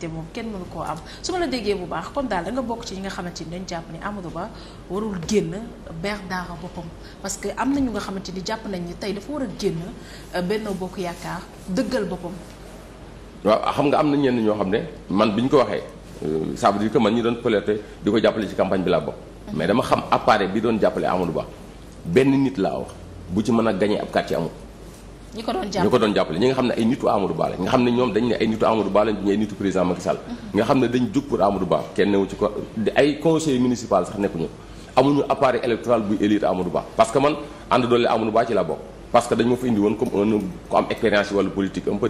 te moom kenn mënu koo am su ma la déggee bu baax kon daal danga bokk ci ñi nga xamante ni dañ jàpp ni Amadou Ba warul génn ber daara boppam parce que am na ñu nga xamante ni jàpp nañ ni tey dafa war a génn euh, Benno Bokk Yaakaar dëggal boppam. waaw xam nga am na ñenn ñoo xam ne man bi ñu ko waxee euh, ça veut dire que man ñu doon pëlete di ko jàppale ci campagne bi laa bokk. mais dama xam appareil bi doon jàppale Amadou Ba benn nit laa wax bu ci mën a gagné ab ci amul. ñi ko doon jàppale ñi nga xam ne ay nitu Amadou Ba nga xam ne ñoom dañ ne ay nitu Amadou Ba ñu ay nitu président Macky Sall mm-hmm. nga xam ne dañ jug pour Amadou Ba kenn newu ci ko ay parce que man ànd doole Amadou Ba ci la bokk parce que dañ ma fa indi woon comme un ku am expérience ne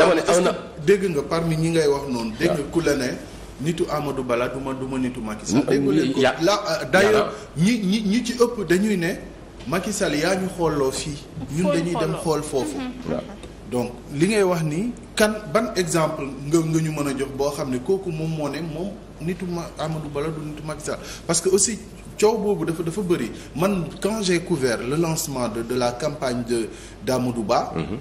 am na dégg nga parmi ñi ngay wax noonu. dégg nga ku Bala duma duma nitu Macky euh, ñi ñi ñi ci ëpp dañuy ne. Macky Sall yaa ñu xooloo fii. ñun dañuy dem xool foofu. Mhm. donc li ngay wax ni kan ban exemple nga nga ñu mën a jox boo xam ne kooku moom moo ne moom nitu ma Amadou Ba la du nitu Macky Sall parce que aussi coow boobu dafa dafa bëri man cangé j'ai couvert le lancement de de la campagne de d'Amadou Ba. Mm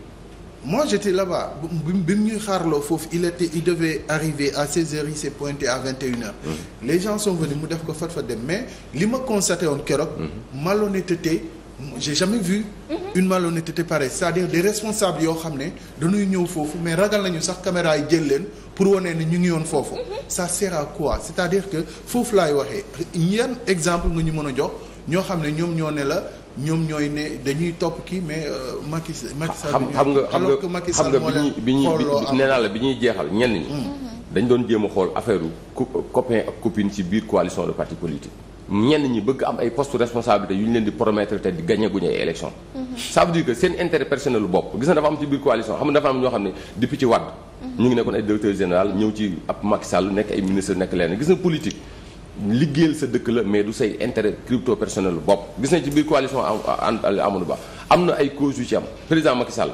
moi j'étais là-bas bi mu ñuy xaarloo foofu il était il devait arriver à 16h il s'est pointé à 21h. Mhm. les gens sont venus mu def ko fat fa dem mais li ma constaté woon keroog. Mhm. malhonnêteté j'ai jamais vu. Mhm. une malhonnêteté pareille c'est-à-dire des responsables yoo xam ne dañuy ñëw foofu mais ragal nañu sax caméra yi jël leen pour wane ne ñu ngi yoon foofu. ça sert à quoi c'est-à-dire que foofu lay waxee yan exemple nga ñu mën a jox. ñoo xam ne ñoom ñoo ne la ñoom ñooy ne dañuy topp kii mais euh, Macky Macky Sall xam nga xam nga Macky Sall moo bi ñuy naa la bi ñuy jeexal ñenn ñi mm-hmm. dañ doon jéem a xool affaire copain ak copine ci biir coalition de parti politique ñenn ñi bëgg am ay poste responsabilité yu ñu leen di promettre te di gagné guñu ay élection mm-hmm. ça veut dire que seen intérêt personnel bopp gis na dafa am ci biir coalition xam nga dafa am ñoo xam ne depuis ci Wade mm-hmm. ñu ngi nekkoon ay directeur général ñëw ci ab Macky nekk ay ministre gis na politique liggéeyal sa dëkk la mais du say intérêt crypto personnel bopp gis nañ ci biir coalition Amadou Ba am na ay cause yu ci am président Macky sal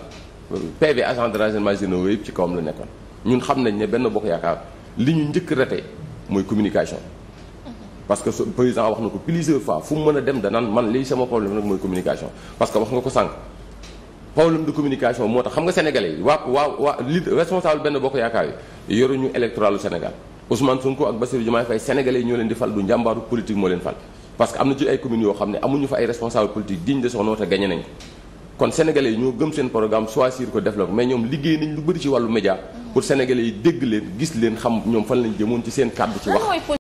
PV agent de renseignement ci kawam la nekkoon ñun xam nañ ne benn bokk yaakaar li ñu njëkk rate mooy communication parce que président wax na ko plusieurs fois fu mu mën a dem danan man lii sama problème nag mooy communication parce que wax nga ko sànq problème de communication moo tax xam nga sénégalais yi waa waa waa li responsable benn bokk yaakaar yi ñu électoral Sénégal Ousmane Sonko ak Bassirou Diomaye Faye sénégalais yi ñoo leen di fal du njàmbaaru politique moo leen fal parce que am na ci ay communes yoo xam ne amuñu fa ay responsable politique digne de son nom te gagné nañ kon sénégalais ñoo gëm seen programme choisir ko def mais ñoom liggéey nañ lu bëri ci wàllu média pour sénégalais yi dégg leen gis leen xam ñoom fan lañ jëmoon ci seen kàddu ci wax